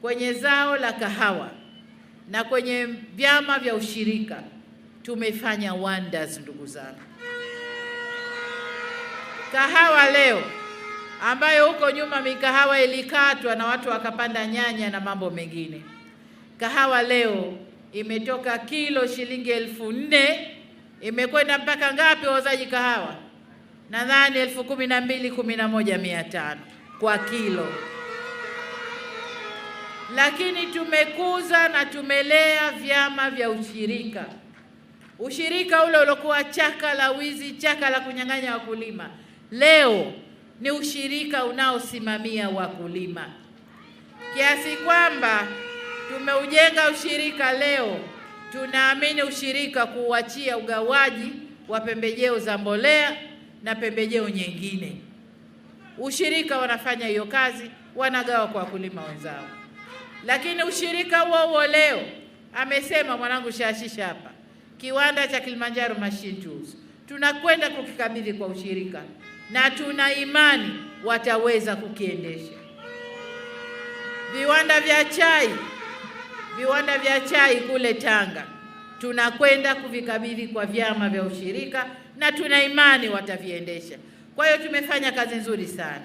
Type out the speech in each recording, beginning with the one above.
kwenye zao la kahawa na kwenye vyama vya ushirika tumefanya wonders, ndugu zangu. Kahawa leo ambayo huko nyuma mikahawa ilikatwa na watu wakapanda nyanya na mambo mengine, kahawa leo imetoka kilo shilingi elfu nne imekwenda mpaka ngapi, wauzaji kahawa? Nadhani elfu kumi na mbili kumi na moja mia tano kwa kilo lakini tumekuza na tumelea vyama vya ushirika. Ushirika ule uliokuwa chaka la wizi, chaka la kunyang'anya wakulima, leo ni ushirika unaosimamia wakulima, kiasi kwamba tumeujenga ushirika leo. Tunaamini ushirika kuuachia ugawaji wa pembejeo za mbolea na pembejeo nyingine. Ushirika wanafanya hiyo kazi, wanagawa kwa wakulima wenzao. Lakini ushirika huo huo leo amesema mwanangu shashisha hapa, kiwanda cha Kilimanjaro Machine Tools tunakwenda kukikabidhi kwa ushirika na tuna imani wataweza kukiendesha. Viwanda vya chai, viwanda vya chai kule Tanga tunakwenda kuvikabidhi kwa vyama vya ushirika na tuna imani wataviendesha. Kwa hiyo tumefanya kazi nzuri sana,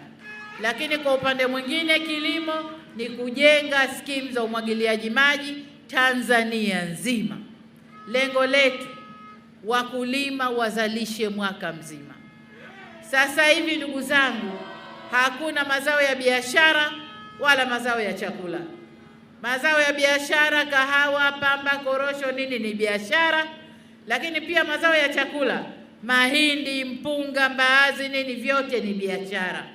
lakini kwa upande mwingine kilimo ni kujenga skimu za umwagiliaji maji Tanzania nzima. Lengo letu wakulima wazalishe mwaka mzima. Sasa hivi, ndugu zangu, hakuna mazao ya biashara wala mazao ya chakula. Mazao ya biashara kahawa, pamba, korosho, nini ni biashara, lakini pia mazao ya chakula mahindi, mpunga, mbaazi, nini vyote ni biashara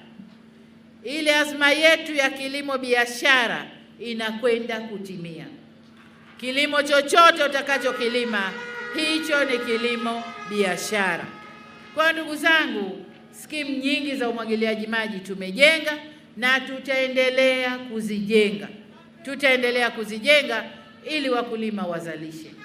ile azma yetu ya kilimo biashara inakwenda kutimia. Kilimo chochote utakachokilima hicho ni kilimo biashara. Kwa ndugu zangu, skimu nyingi za umwagiliaji maji tumejenga na tutaendelea kuzijenga, tutaendelea kuzijenga ili wakulima wazalishe.